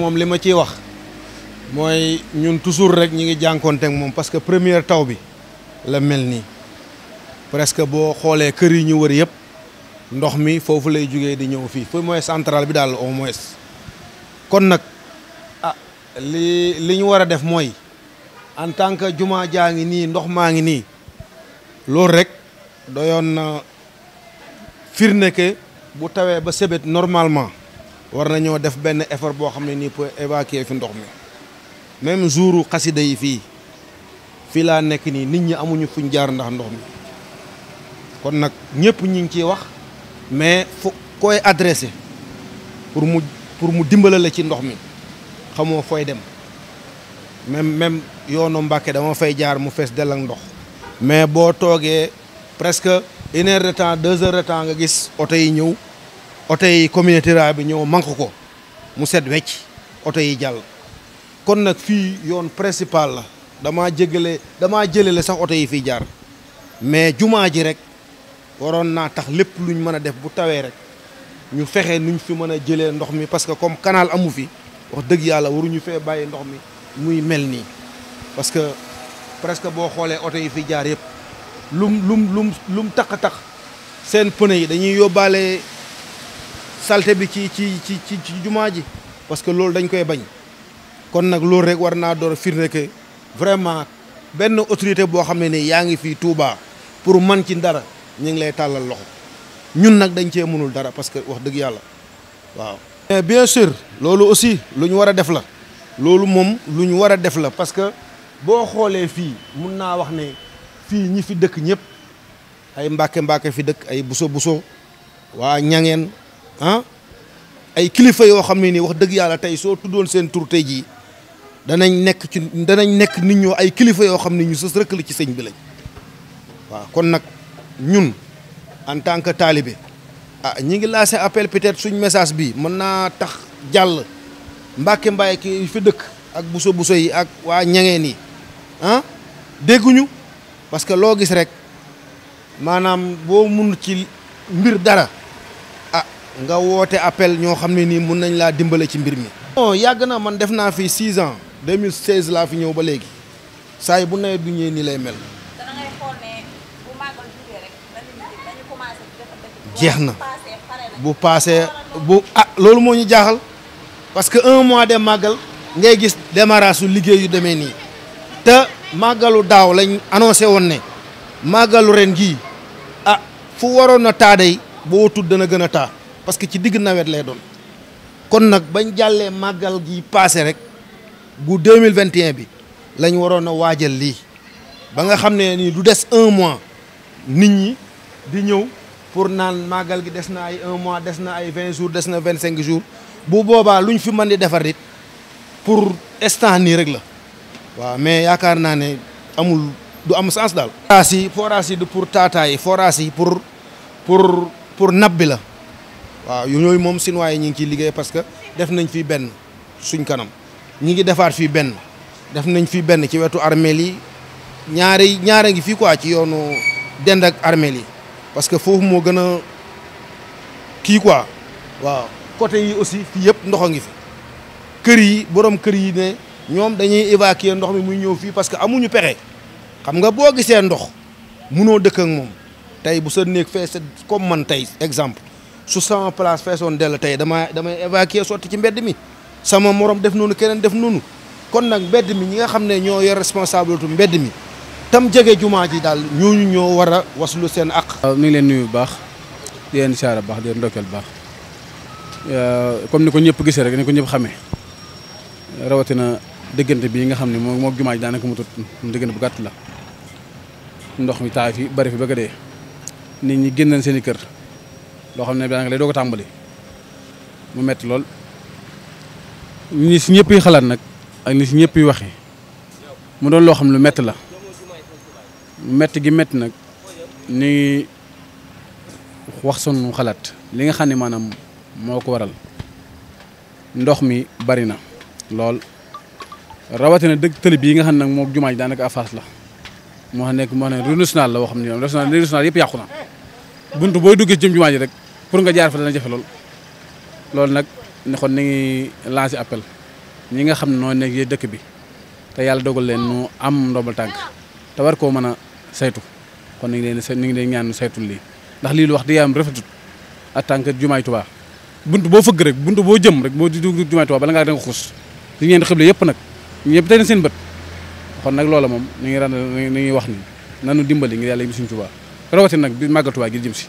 moom li ma ciy wax mooy ñun toujours rek ñu ngi jànkoonteeg moom parce que première taw bi la mel nii presque boo xoolee kër yi ñu wër yëpp ndox mi foofu lay jugee di ñëw fii fu mooy central bi daal au moins kon nag ah li li ñu war a def mooy en tant que juma jaa ngi nii ndox maa ngi nii loolu rek doyoon na firnde que bu tawee ba sebet normalement war nañoo def benn effort boo xam ne nii pour évacuer fi ndox mi même jouru xasida yi fii fii laa nekk nii nit ñi amuñu fuñ jaar ndax ndox mi kon nag ñëpp ñi ngi ciy wax mais fu koy adressé pour mu pour mu dimbala la ci ndox mi xamoo fooy dem même même yoonu Mbàkke dama fay jaar mu fees dell ak ndox mais boo toogee presque une heure de temps deux heures de temps nga gis oto yi ñëw oto yi communauté rurale bi ñëw manque ko mu set wecc oto yi jàll kon nag fii yoon principal la damaa jégale damaa jëlale sax oto yi fi jaar mais jumaa ji rek waroon naa tax lépp luñ mën a def bu tawee rek ñu fexe nuñ fi mën a jëlee ndox mi parce que comme canal amu fi wax dëgg yàlla waruñu fee bàyyi ndox mi muy mel nii parce que presque boo xoolee oto yi fi jaar yëpp lum lum lum lum taq-taq seen pneu yi dañuy yóbbaale salte bi ci ci ci ci ci jumaa ji parce que loolu dañ koy bañ kon nag loolu rek war naa door firne que vraiment benn autorité boo xam ne ni yaa ngi fii Touba pour man ci dara ñu ngi lay tàllal loxo ñun nag dañ cee mënul dara parce que wax dëgg yàlla waaw. mais bien sûr loolu aussi lu ñu war a def la loolu moom lu ñu war a def la parce que boo xoolee fii mun naa wax ne fii ñi fi dëkk ñëpp ay mbàkke mbàkke fi dëkk ay buso buso waa ñangeen ah ay kilifa yoo xam ne nii wax dëgg yàlla tey soo tuddoon seen tur tey jii danañ nekk ci danañ nekk nit ñoo ay kilifa yoo xam ne ñu sës rëkk la ci sëñ bi lañ waaw kon nag ñun en tant que taalibe ah ñi ngi lancé appel peut-être suñ message bi mën naa tax jàll Mbàkke Mbaay ki fi dëkk ak buso buso yi ak waa ñangeen yi ah dégguñu parce que loo gis rek maanaam boo mun ci mbir dara nga woote appel ñoo xam ne nii mun nañ laa dimbale ci mbir mi. non yàgg na man def naa fi 6 ans 2016 laa fi ñëw ba léegi saa yi bu nawet bi ñëwee nii lay mel. jeex na bu paasee bu ah loolu moo ñu jaaxal parce que un mois de màggal ngay gis démarrage su liggéey demee nii te màggalu daaw lañ annoncé woon ne màggalu ren gii ah fu waroon a taa day boo tudd dana gën a taa. parce que ci digg nawet lay doon kon nag bañ jàllee màggal gi passé rek bu 2021 bi lañ waroon a waajal lii ba nga xam ne nii du des un mois nit ñi di ñëw pour naan màggal gi des na ay un mois des na ay vingt jours des na vingt cinq jours bu boobaa luñ fi mën di defar it pour instant nii rek la waaw mais yaakaar naa ne amul du am sens daal. forage yi forage yi du pour taataay forage yi pour pour pour napp bi la. waaw ñooyu moom chinois yi ñu ngi ciy liggéey parce que def nañ fi benn suñ kanam ñi ngi defaat fii benn def nañ fi benn ci wetu armeel yi ñaare ñaare ngi fii quoi ci yoonu dend ak armeel yi parce que foofu moo gën a kii quoi waaw côté yi aussi fii yëpp ndox a ngi fi kër yi borom kër yi ne ñoom dañuy évacuer ndox mi muy ñëw fii parce que amuñu pexe xam nga boo gisee ndox munoo dëkk ak moom tey bu sa néeg fee comme man tey exemple su sama place feesoon dell tey damaa damay évacuer sotti ci mbedd mi sama moroom def noonu keneen def noonu kon nag mbedd mi ñi nga xam ne ñoo yor responsabilité mbedd mi tam jege jumaa ji daal ñooñu ñoo war a waslu seen ak waaw ngi leen nuyu bu baax di leen siyaare baax di leen ndokkeel baax euh, comme ni ko ñëpp gisee rek ni ko ñëpp xamee rawatina diggante bii nga xam ne moom moom jumaa ji daanaka mu tut diggante bu gàtt la ndox mi taa fi bari fi bëgg a dee nit ñi génn seen i kër. loo xam ne bi daanaka lay doog ko tàmbali mu metti lool ni si ñëpp xalaat nag ak ni si ñëpp yi waxee mu doon loo xam lu metti la metti gi metti nag ni wax sunu xalaat li nga xam ni maanaam moo ko waral ndox mi bari na lool rawatina dëkk tëli bii nga xam ne nag moo jumaa ji daanaka afaas la moo xam ne rue nationale la boo xam ne rue nationale yëpp yàqu na bunt booy duggee jëm jumaa ji rek pour nga jaar fa jafe lool loolu nag ne kon ni ngi lancé appel ñi nga xam noo nekk dëkk bi te yàlla dogal leen nu am ndombal tànk te war koo mën a saytu kon ni ngi leen ni ngi leen ñaan saytul lii ndax lii lu wax di yaam rafetut ak tànk jumaay Tuubaa buntu boo fëgg rek bunt boo jëm rek boo di dugg jumaay Tuubaa bala ngaa da xuus li ngeen xëble yëpp nag ñëpp te na seen bët kon nag loola moom ni ngi ran ni ngi wax ni nanu dimbali ngir yàlla yi bi suñ Tuubaa rawatina nag bi màggal Tuubaa gi jëm si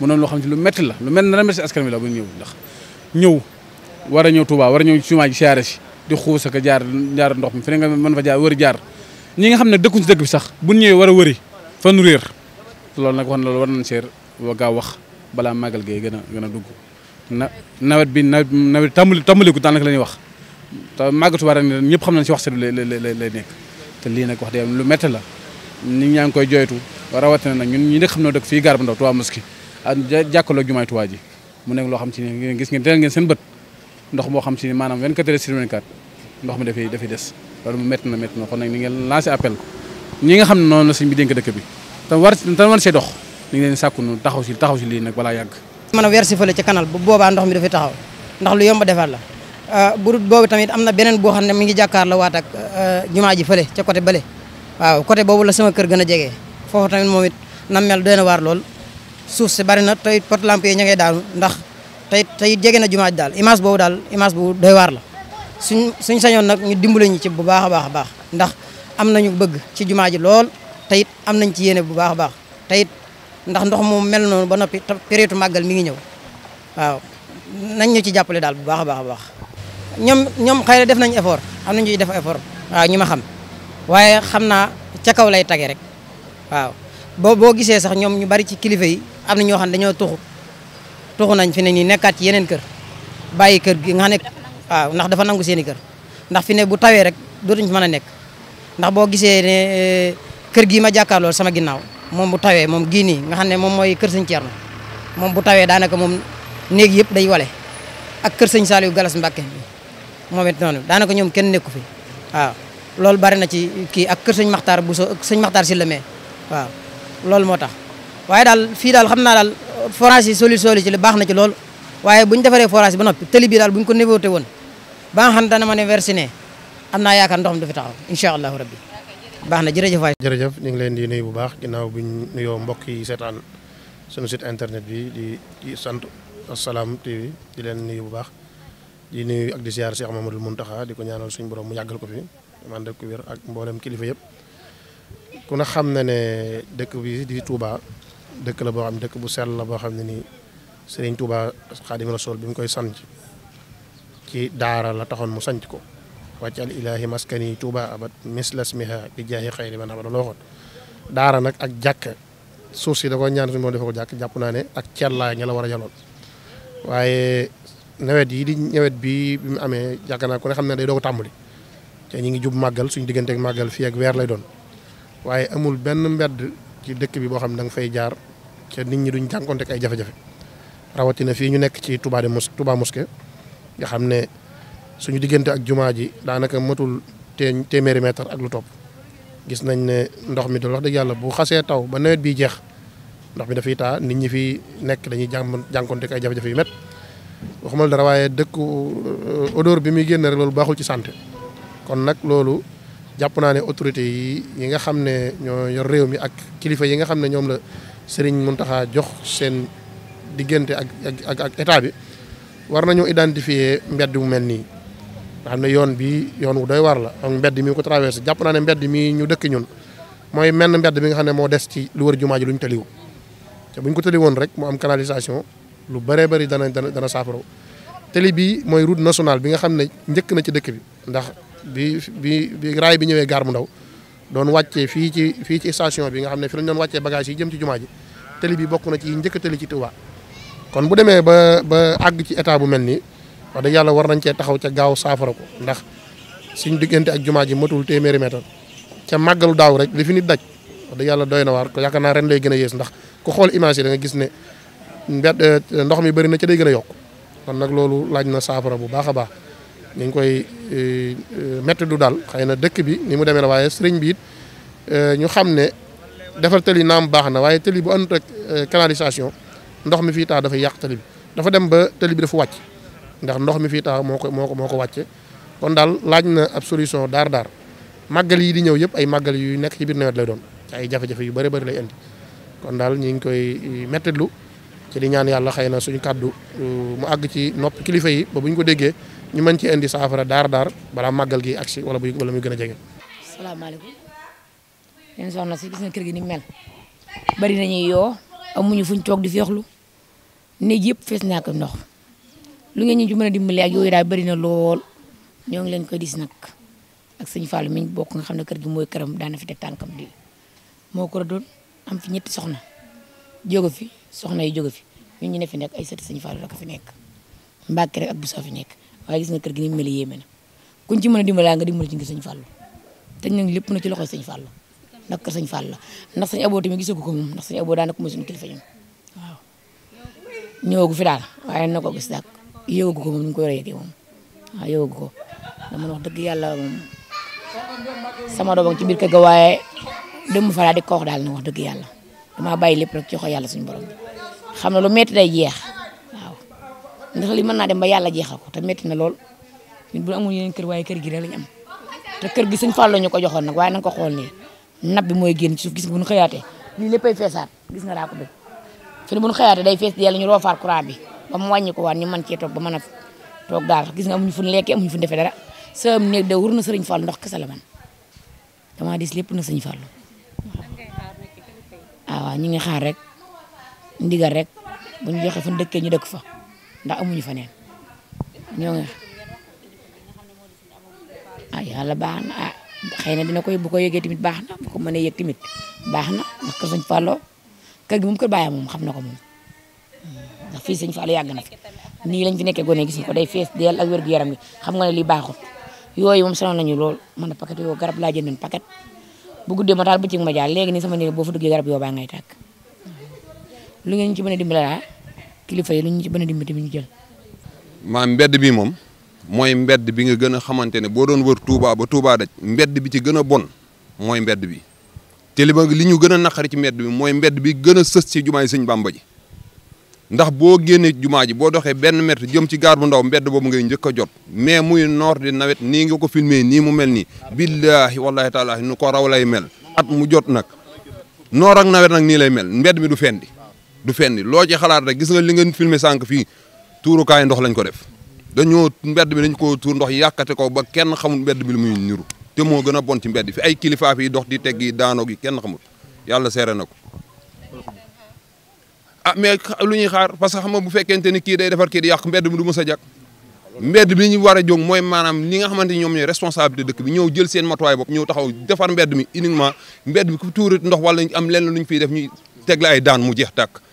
mu noonu loo xam ne lu metti la lu mel na metti askan wi la bu ñëw ndax ñëw war a ñëw Tuubaa war a ñëw jumaa ji siyaare si di xuus ak jaar jaar ndox mi feneen nga mën fa jaar wër jaar ñi nga xam ne dëkkuñ si bi sax bu ñëwee war a wëri fan réer loolu nag wax na loolu war nañ seer wax balaa màggal gee gën a a dugg na nawet bi nawet tàmbali tàmbaliku daanaka la ñuy wax te màggal Tuubaa ren ñëpp xam nañ si wax set lay lay lay nekk te lii nag wax dëgg lu metti la ni ñaa ngi koy joytu rawatina nag ñun ñi nga xam ne dëkk fii Garab Ndaw Touba Mosquée ak jàkkaloo jumaay nekk loo xam ci ne gis ngeen teel ngeen seen bët ndox moo xam ci ne maanaam 24 heures sur 24 ndox mi dafay na métti na kon nag ni ngeen lancé appel ñi xam ne noonu la sëñ bi dëkk bi te war te war see leen taxaw si taxaw si lii nag balaa a weer si fële bu boobaa ndox mi dafay taxaw ndax lu yomb defar la ah, burut boobu tamit am na beneen boo xam ne mi ngi jàkkaar la waat ak ah, jumaa ji fële ca côté bële waaw côté boobu la sama kër gën a jege foofu tamit moom it na mel doy na waar lool suuf si bari na tey pot lampe yi ña ngay daanu ndax tey tey jege na jumaa ji daal image boobu daal image bu doy waar la suñ suñ sañoon nag ñu dimbale ñu ci bu baax a baax a baax ndax am nañu bëgg ci jumaa ji lool teyit am nañ ci yéene bu baax a baax teyit ndax ndox moom mel noonu ba noppi période màggal mi ngi ñëw waaw nañ ñu ci jàppale daal bu baax a baax a baax ñoom ñoom xëy def nañ effort am nañu def effort waaw ñi ma xam waaye xam naa ca kaw lay tage rek waaw boo boo gisee sax ñoom ñu bari ci kilifa yi am na ñoo xam ne dañoo tuxu tuxu nañ fi ne nii nekkaat ci yeneen kër bàyyi kër gi nga xam ne ndax dafa nangu seeni kër ndax fi ne bu tawee rek dootuñ mën a nekk ndax boo gisee ne eh, kër gii ma jàkkaarlool sama ginnaaw moom bu tawee moom gii nii nga xam ne moom mooy kër sëñ na moom bu tawee daanaka moom néeg yëpp day wale ak kër sëñ Saliou Galas Mbacke moom it noonu daanaka ñoom kenn nekku fi loolu bari na ci kii ak kër sëñ Maxtaar bu so sëñ Maxtaar si lemee waaw loolu moo tax waaye daal fii daal xam naa daal forage yi soli ci la baax na ci lool waaye bu ñu defaree forage ba noppi tëli bi daal bu ñu ko névoté woon ba nga xam dana mën a ne am naa yaakaar ndox mi du taxaw incha allahu rabbi baax na jërëjëf waay. jërëjëf ñu ngi leen di nuyu bu baax ginnaaw bi ñu mbokk yi seetaan sunu site internet bi di di sant Assalaamy TV di leen nuyu bu baax di nuyu ak di ziar Cheikh Mamadou Mountakha di ko ñaanal suñ borom mu yàggal ko fi. man dëkk wér ak mboolem kilifa yëpp ku ne xam na ne dëkk bi di Touba dëkk la boo xam dëkk bu sell la boo xam ne nii Serigne Touba Xaadimu Rasuul bi mu koy sanc ci daara la taxoon mu sanc ko wàccal ilaahi maskani Touba abat mislasmiha bi jaahi xayri man abada loo xoon daara nag ak jàkk suuf si da ko ñaan suñu moom jàkk jàpp naa ne ak cellaay laa la war a jaloon waaye nawet yi di nawet bi bi mu amee jàkk naa ku ne xam ne day doog a tàmbali te ñu ngi jub màggal suñu digganteeg màggal fii ak weer lay doon waaye amul benn mbedd ci dëkk bi boo xam ne da nga fay jaar ca nit ñi duñ jànkonteeg ay jafe-jafe rawatina fii ñu nekk ci Touba de mos Touba mosquée nga xam ne suñu diggante ak jumaa ji daanaka matul tee téeméeri mètre ak lu topp gis nañ ne ndox mi doon wax yàlla bu xasee taw ba nawet bi jeex ndox mi dafay taa nit ñi fi nekk dañuy jànkonteeg ay jafe-jafe yu met waxumal dara waaye dëkku euh, odeur bi muy génn rek loolu baaxul ci santé kon nag loolu jàpp naa ne autorité yi yi nga xam ne ñoo yor réew mi ak kilifa yi nga xam ne ñoom la mun Mountakha jox seen diggante ak ak ak état bi war nañoo identifier mbedd mu mel nii. nga xam ne yoon bi yoon wu doy war la ak mbedd mi ko traversé jàpp naa ne mbedd mi ñu dëkk ñun mooy menn mbedd bi nga xam ne moo des ci lu war jumaa ji lu ñu tëliw te bu ñu ko woon rek moo am canalisation lu bëree bari dana dana dana saafara tëli bi mooy route nationale bi nga xam ne njëkk na ci dëkk bi ndax. bi bi bi raay bi ñëwee gaar mu ndaw doon wàccee fii ci fii ci station bi nga xam ne fi lañ doon wàccee bagage yi jëm ci jumaa ji tali bi bokk na ci njëkk tali ci Tuubaa kon bu demee ba ba àgg ci état bu mel nii wax dëgg yàlla war nañ cee taxaw ca gaaw saafara ko ndax suñ diggante ak jumaa ji matul téeméeri mètre ca màggalu daaw rek li fi nit daj wax dëgg yàlla doy na waar ko yaakaar naa ren lay gën a yées ndax ko xool image yi da nga gis ne mbedd ndox mi bëri na ca day yokk kon nag loolu laaj na saafara bu baax a baax ñu ngi koy euh, euh, métti du daal xëy na dëkk bi ni mu demee la waaye sëriñ bi it euh, ñu xam ne defal defar naa naam baax na waaye tëli bu àndut ak canalisation ndox mi fii taa dafay yàq tëli bi dafa dem ba tëli bi dafa wàcc ndax ndox mi fii taa moo ko moo ko moo ko wàcce kon daal laaj na ab solution daar daar màggal yi di ñëw yëpp ay màggal yu nekk ci biir nawet lay doon ay jafe-jafe yu bëri bëri lay indi kon daal ñu ngi koy mettitlu ci di ñaan yàlla xëy na suñu kàddu mu àgg ci nopp kilifa yi ba ko déggee ñu mën ci indi saafara daar daar balaa màggal gi agsi wala muy wala muy gën a jege. salaamaaleykum. yéen soxna si gis na kër gi ni mel. bari nañuy yoo amuñu fuñ toog di feexlu néeg yëpp fees naa ko ndox lu ngeen ñu ci mën a dimbali ak yooyu daal bari na lool ñoo ngi leen koy dis nag ak sëñ Fallou mi bokk nga xam ne kër gi mooy këram daan na fi teg tànkam di moo ko doon am fi ñetti soxna jóge fi soxna yi jóge fi ñun ñu ne fi nekk ay sët sëñ Fallou la ko fi nekk Mbàkke rek soo fi nekk. waaye gis nga kër gi ni mu mel yéeme na kuñ ci mën a dimbalaa nga dimbali ci ngir sëñ Fallou te ñu lépp na ci loxoy sëñ Fallou ndax kër sëñ Fallou la ndax sëñ Abo tamit gisagu ko moom ndax sëñ Abo daanaka mooy suñu kilifa ñun waaw ñëwagu fi daal waaye na ko gis daal yëwagu ko moom ñu ngi koy reyatee moom waaw yëwagu wax dëgg yàlla sama doom ci biir kër waaye dem fa di ko wax daal na wax dëgg yàlla damaa bàyyi lépp rek ci xol yàlla suñu ndax li mën naa dem ba yàlla jeexal ko te metti na lool ñun bu kër waaye kër gi rek lañ am te kër gi sëñ Fallou ñu ko joxoon nag waaye na nga ko xool nii nab bi mooy génn ci suuf gis nga bu ñu xëyaatee lii léppay feesaat gis nga daa ko bëgg fi ne bu ñu xëyaatee day fees yàlla ñu bi ba mu wàññi ñu mën cee toog ba mën a toog daal gis nga amuñu fu ñu lekkee amuñu fu ñu defee dara sam néeg de wur na sëriñ Fallou ndox kese la man dama dis na sëñ Fallou ah, waaw ñu ngi xaar rek ndigal rek bu ñu joxe fu ñu dëkkee dëkk fa ndax amuñu fa neen ñoo ngi ah baax na ah xëy na dina koy bu ko yëgee tamit baax na bu ko mënee yëg tamit baax na ndax kër sëñ Fallou kër gi moom kër baayam moom xam na ko moom hmm, ndax fii sëñ Fallou yàgg na fi nii lañ fi nekkee gone gis nga ko day fees dell ak wér gu yaram gi xam nga ne lii baaxut yooyu moom sonal nañu lool man a paket yoo garab laa jëndoon paquet bu guddee ma taal bëccëg ma jaar léegi nii sama néeg boo fa duggee garab yoo baa ngay tàkk hmm. kilifa yi lu ci bën a dimbali mbedd bi moom mooy mbedd bi nga gën a xamante ne boo doon wër Touba ba Touba daj mbedd bi ci gën a bon mooy mbedd bi te li ba li ñu gën a naqari ci mbedd bi mooy mbedd bi gën a sës ci jumaa yi sëñ Bàmba ndax boo génnee jumaa ji boo doxee benn mètre jëm ci gaar bu ndaw mbedd boobu ngay njëkk a jot mais muy noor di nawet nii nga ko filmé nii mu mel nii billaahi wallaahi taalaahi nu ko raw lay mel at mu jot nag noor nawet nag nii lay mel mbedd mi du fendi du fenn loo ci xalaat rek gis nga li ngeen filmé sànq fii tuurukaayu ndox lañ ko def dañoo mbedd mi dañ ko tuur ndox yàkkate ko ba kenn xamul mbedd bi lu muy niru te moo gën a bon mbedd fi ay kilifa fi dox di teg yi daanoo gi kenn xamul yàlla seere na ko ah mais lu ñuy xaar parce que xam bu fekkente ni kii day defar kii yàq mbedd bi du mës a jàkk mbedd bi ñu war a jóg mooy maanaam li nga xamante ni ñoom ñooy responsabilité dëkk bi ñëw jël seen matuwaay bopp ñëw taxaw defar mbedd mi uniquement mbedd bi ku tuurit ndox wala am len lu ñu fi def ñuy teg la daan mu jeex tàkk